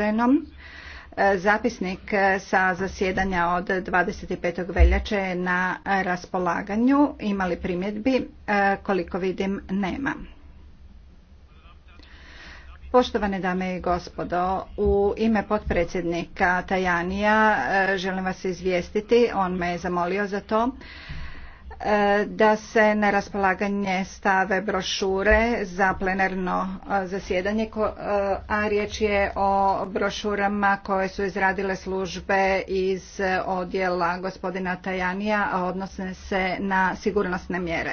Ukrajinom. E, zapisnik e, sa zasjedanja od 25. veljače je na raspolaganju. imali primjedbi? E, koliko vidim, nema. Poštovane dame i gospodo, u ime potpredsjednika Tajanija želim vas izvijestiti, on me je zamolio za to, E, da se na raspolaganje stave brošure za plenarno e, zasjedanje, e, a riječ je o brošurama koje su izradile službe iz odjela gospodina Tajanija, a odnose se na sigurnosne mjere.